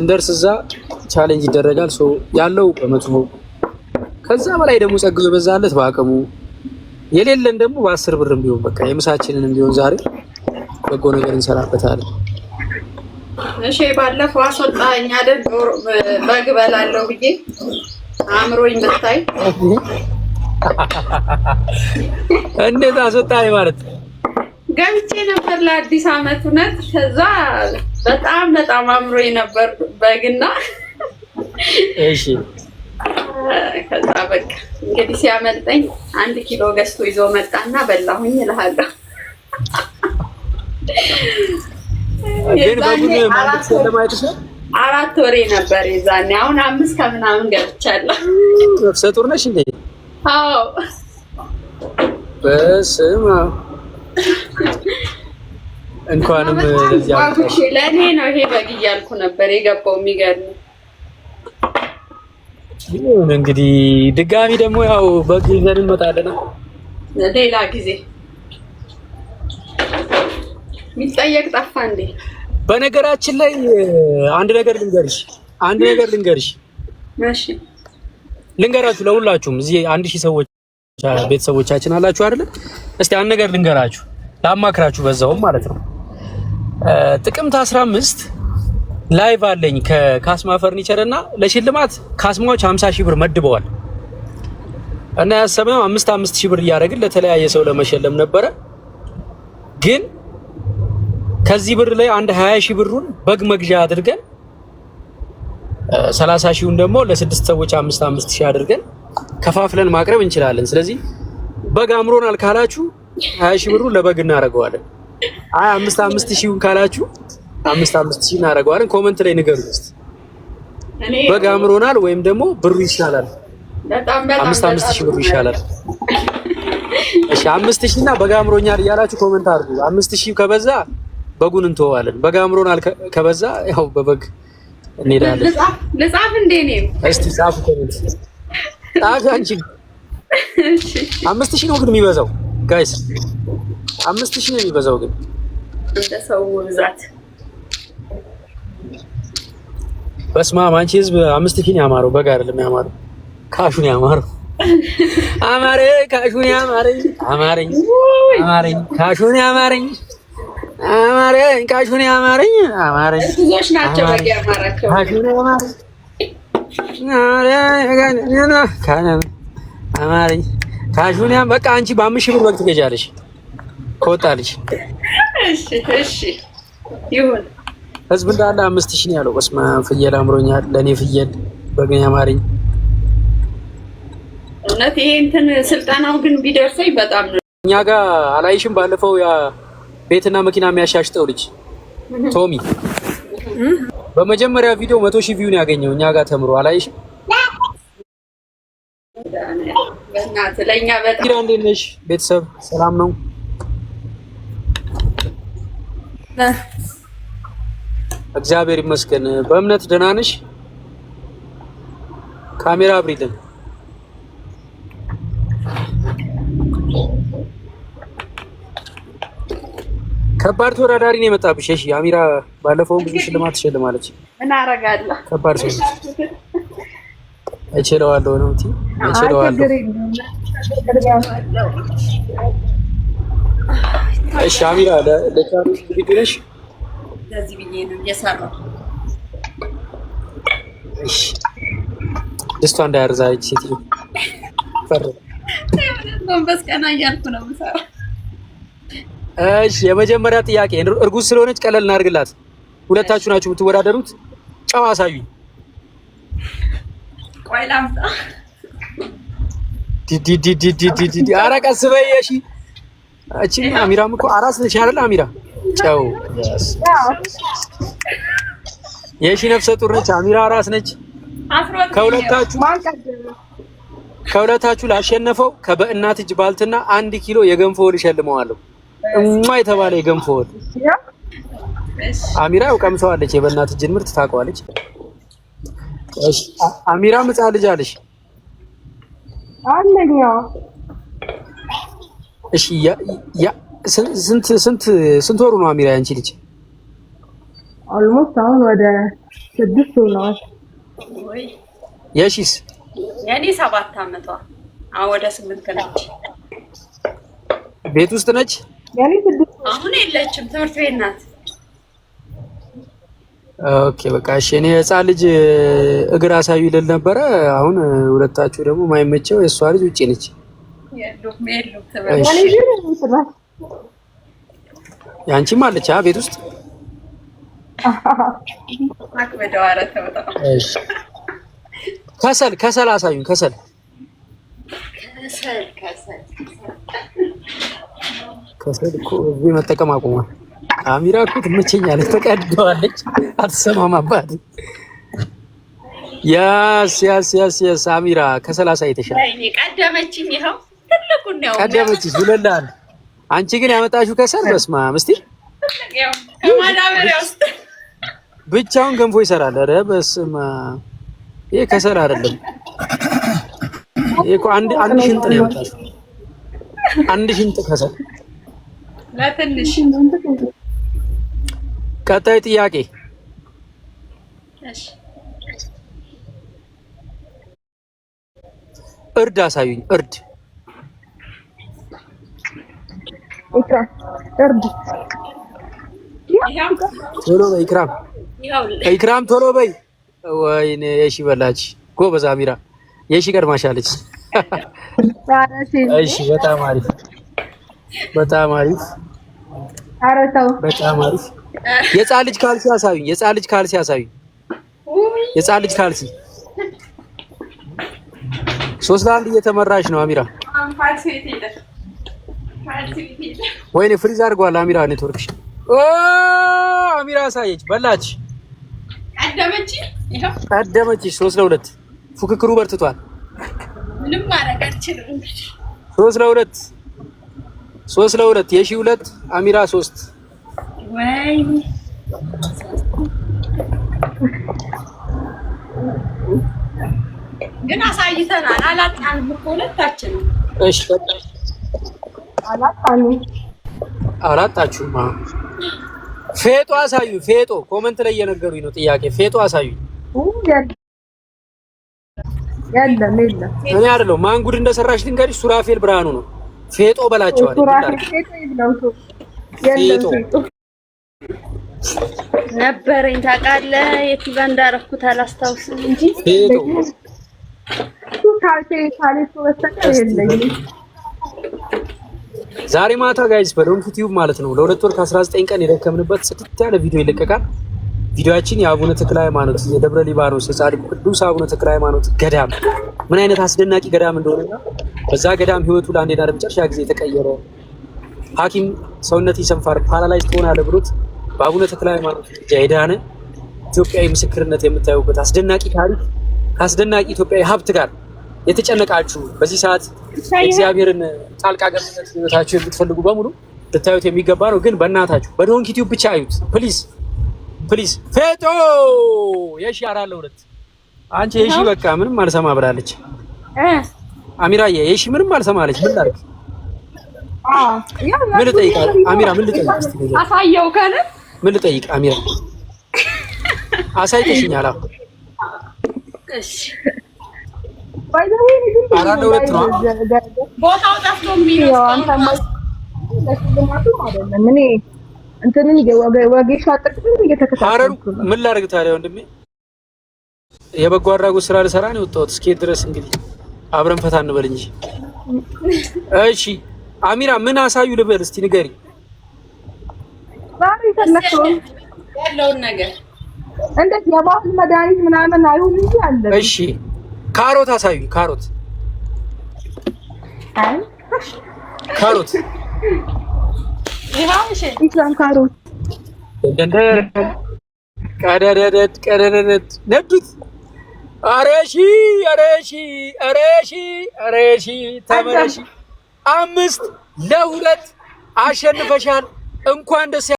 እንደርስ እዛ ቻሌንጅ ይደረጋል። ሶ ያለው በመጥፎ ከዛ በላይ ደግሞ ጸግዞ በዛለት በአቅሙ የሌለን ደግሞ በአስር ብርም ቢሆን በቃ የምሳችንንም ቢሆን ዛሬ በጎ ነገር እንሰራበታለን። እሺ ባለፈው አስወጣኝ አይደል? በግ በላለሁ ብዬ አእምሮኝ ብታይ እንዴት አስወጣኝ ማለት ገብቼ ነበር ለአዲስ አመት እውነት ከዛ በጣም በጣም አምሮ ነበር በግና እሺ ከዛ በቃ እንግዲህ ሲያመልጠኝ አንድ ኪሎ ገዝቶ ይዞ መጣና በላሁኝ እልሃለሁ። አራት ወሬ ነበር የዛኔ። አሁን አምስት ከምናምን ገብቻለሁ። ነፍሰ ጡር ነሽ እንዴ? አዎ። በስመ አብ እንኳንም ለእኔ ነው ይሄ በግ እያልኩ ነበር የገባው። የሚገርም ይሁን እንግዲህ ድጋሚ ደግሞ ያው በግ ይዘን እንመጣለን ሌላ ጊዜ። የሚጠየቅ ጠፋ እንዴ? በነገራችን ላይ አንድ ነገር ልንገርሽ፣ አንድ ነገር ልንገርሽ፣ ልንገራችሁ ለሁላችሁም እዚህ አንድ ሺህ ሰዎች ቤተሰቦቻችን አላችሁ አይደለ? እስቲ አንድ ነገር ልንገራችሁ፣ ላማክራችሁ በዛውም ማለት ነው ጥቅምት 15 ላይቭ አለኝ ከካስማ ፈርኒቸር እና ለሽልማት ካስማዎች 50 ሺህ ብር መድበዋል እና ያሰብነው አምስት አምስት ሺህ ብር እያደረግን ለተለያየ ሰው ለመሸለም ነበረ። ግን ከዚህ ብር ላይ አንድ 20 ሺህ ብሩን በግ መግዣ አድርገን 30 ሺሁን ደግሞ ለስድስት ሰዎች አምስት አምስት ሺህ አድርገን ከፋፍለን ማቅረብ እንችላለን። ስለዚህ በግ አምሮናል ካላችሁ 20 ሺህ ብሩን ለበግ እናደርገዋለን። አይ አምስት አምስት ሺውን ካላችሁ አምስት አምስት ሺህ እናደርገዋለን። ኮመንት ላይ ንገሩ እስቲ በግ አምሮናል ወይም ደግሞ ብሩ ይሻላል። አምስት አምስት ሺ ብሩ ይሻላል። እሺ አምስት ሺ እና በግ አምሮኛል እያላችሁ ኮመንት አድርጉ። አምስት ሺ ከበዛ በጉን እንተዋለን። በግ አምሮናል ከበዛ ያው በበግ እንሄዳለን። ልጻፍ እንዴ ነው? እስቲ ጻፉ ኮመንት ጻፉ። አንቺ አምስት ሺ ነው ግን የሚበዛው ጋይስ፣ አምስት ሺ ነው የሚበዛው ግን ለሰው ብዛት በስማ አንቺ ህዝብ አምስት ፊን ያማረው በግ አይደለም ያማረው ካሹን ያማረው አማረ ካሹን ያማረኝ አማረኝ አማረኝ ካሹን ያማረኝ አማረ ካሹን ያማረኝ አማረኝ ብዙዎች ናቸው በግ ያማራቸው ካሹን ያማረኝ አማረኝ ካሹን ያማረኝ በቃ አንቺ በአምስት ሺህ ብር በግ ትገዣለሽ ከወጣልሽ ይሁን ህዝብ እንዳለ አምስት ሺህ ነው ያለው። በስመ አብ ፍየል አምሮኛል። ለእኔ ፍየል በግን ያማርኝ እውነት። ይሄ እንትን ስልጠናው ግን ቢደርሰኝ በጣም ነው። እኛ ጋር አላይሽም። ባለፈው ያ ቤትና መኪና የሚያሻሽጠው ልጅ ቶሚ በመጀመሪያ ቪዲዮ መቶ ሺህ ቪው ነው ያገኘው። እኛ ጋር ተምሮ አላይሽም። ለእኛ በጣም ቤተሰብ ሰላም ነው። እግዚአብሔር ይመስገን። በእምነት ደህና ነሽ? ካሜራ አብሪልን። ከባድ ተወዳዳሪ ነው የመጣብሽ። እሺ አሚራ ባለፈው ብዙ ሽልማት ትሸልማለች። ምን አረጋለሁ? ከባድ ሰው እችለዋለሁ ነው እንጂ እችለዋለሁ እሺ አሚራ ለቻርልስ ዝግጁ ለዚህ ብዬ ነው የሰራው። እሺ ደስቷ እንዳያርዛች ሴት ፈር ጎንበስ ቀና እያልኩ ነው የምሰራው። እሺ የመጀመሪያ ጥያቄ እርጉዝ ስለሆነች ቀለል እናድርግላት። ሁለታችሁ ናችሁ የምትወዳደሩት። ጨው አሳዩኝ። ቆይ ላምጣ። ዲዲዲዲዲዲ ኧረ ቀስ በይ እሺ እቺ አሚራም እኮ አራስ ነች አይደል? አሚራ ጨው የሺ ነፍሰ ጡር ነች። አሚራ አራስ ነች። ከሁለታችሁ ከሁለታችሁ ላሸነፈው ከበእናት እጅ ባልትና አንድ ኪሎ የገንፎ ወል እሸልመዋለሁ። እማ የተባለ የገንፎ ወል አሚራ ያው ቀምሰዋለች። የበእናት እጅን ምርት ታውቀዋለች። አሚራ ምጻ ልጅ አለሽ? አለኛ እሺ ያ ያ ስንት ስንት ስንት ወሩ ነው አሚራ ያንቺ ልጅ? ኦልሞስት አሁን ወደ ስድስት ወር ወይ የሺስ የኔ ሰባት አመቷ አሁን ወደ ስምንት ከነች። ቤት ውስጥ ነች? የኔ ስድስት አሁን የለችም፣ ትምህርት ቤት ናት። ኦኬ በቃ እሺ። እኔ ህፃን ልጅ እግር አሳዩ ይልል ነበረ። አሁን ሁለታችሁ ደግሞ ማይመቸው የእሷ ልጅ ውጪ ነች። ያንቺም አለች ቤት ውስጥ ከሰል ከሰል አሳዩን። ከሰል ከሰል እኮ እዚህ መጠቀም አቁሟል። አሚራ እኮ ትመቸኛለች፣ ተቀደዋለች፣ አትሰማም። ያስ ያስ ያስ ያስ አሚራ ከሰል አሳይተሻል። ቀደመችኝ ይኸው ትልቁን ያው አንቺ ግን ያመጣሽው ከሰል በስማ ምስቲ ብቻውን ገንፎ ይሰራል። ኧረ በስማ ይሄ ከሰል አይደለም። ይሄ አንድ አንድ ሽንጥ ነው ያመጣሽው። አንድ ሽንጥ ከሰል ለትንሽ። ቀጣይ ጥያቄ እርድ አሳዩኝ። እርድ ኢክራም እርዱ። ቶሎ በይ ኢክራም፣ ኢክራም ቶሎ በይ። ወይኔ የሺ በላች። ጎበዝ አሚራ፣ የሺ ቀድማሻለች። እሺ፣ በጣም አሪፍ፣ በጣም አሪፍ፣ በጣም አሪፍ። ልጅ ካልሲ አሳዩኝ፣ ልጅ ካልሲ አሳዩኝ፣ ልጅ ካልሲ። ሶስት ለአንድ እየተመራች ነው አሚራ ወይኔ ፍሪዝ አድርጓል። አሚራ ኔትወርክሽ አሚራ አሳየች። በላች፣ ቀደመችሽ። ሶስት ለሁለት ፉክክሩ በርትቷል። ምንም ማድረግ አልችልም። ሶስት ለሁለት ሶስት ለሁለት የሺ ሁለት አሚራ ሶስት ወይ ግን አሳይተናል። አላጣንም እኮ ሁለታችንም። እሺ አላጣችሁም። ፌጦ አሳዩ። ፌጦ ኮመንት ላይ እየነገሩኝ ነው። ጥያቄ ፌጦ አሳዩ። የለም የለም፣ እኔ አይደለሁም። ማን ጉድ እንደሰራሽ ድንጋይ ሱራፌል ብርሃኑ ነው። ፌጦ በላቸዋል። ፌጦ ነበረኝ ታውቃለህ። የቲባ እንዳረኩት አላስታውስም እንጂ ፌጦ ዛሬ ማታ ጋይዝ በዶንኪ ቲዩብ ማለት ነው ለሁለት ወር ከ19 ቀን የደከምንበት ጽድት ያለ ቪዲዮ ይለቀቃል። ቪዲዮችን የአቡነ ተክለ ሃይማኖት የደብረ ሊባኖስ የጻድቁ ቅዱስ አቡነ ተክለ ሃይማኖት ገዳም ምን አይነት አስደናቂ ገዳም እንደሆነና በዛ ገዳም ህይወቱ ለአንዴና ለመጨረሻ ጊዜ የተቀየረ ሐኪም ሰውነት ይሰንፋር ፓራላይዝ ትሆናለህ ብሎት በአቡነ ተክለ ሃይማኖት የዳነ ኢትዮጵያዊ ምስክርነት የምታዩበት አስደናቂ ታሪክ ከአስደናቂ ኢትዮጵያዊ ሀብት ጋር የተጨነቃችሁ በዚህ ሰዓት እግዚአብሔርን ጣልቃ ገብነት ህይወታችሁ የምትፈልጉ በሙሉ ልታዩት የሚገባ ነው። ግን በእናታችሁ በዶንኪ ቲዩብ ብቻ አዩት ፕሊዝ ፕሊዝ። ፌጦ የሺ አራለ ሁለት አንቺ የሺ በቃ ምንም አልሰማ ብላለች። አሚራዬ የሺ ምንም አልሰማ አለች። ምን ላድርግ? ምን ልጠይቅ? አሚራ ምን ልጠይቅ? አሳየው ከነ ምን ልጠይቅ? አሚራ አሳይተሽኛል። አሁን እሺ አራት ለሁለት ነው ቦታው ምን ላድርግ ታዲያ ወንድሜ የበጎ አድራጎት ስራ ልሰራ ነው የወጣሁት። እስኪ ድረስ እንግዲህ አብረን ፈታ እንበል እንጂ። እሺ አሚራ ምን አሳዩ ልበል እስቲ ንገሪ። ያለውን ነገር እንደት የባህል መድኃኒት ምናምን አይሁን እንጂ አለ። እሺ ካሮት አሳዩኝ። ካሮት ካሮት ካሮት ቀደደደድ ቀደደደድ ነዱት። ኧረ ሺ ኧረ ሺ ኧረ አምስት ለሁለት አሸንፈሻል። እንኳን ደስ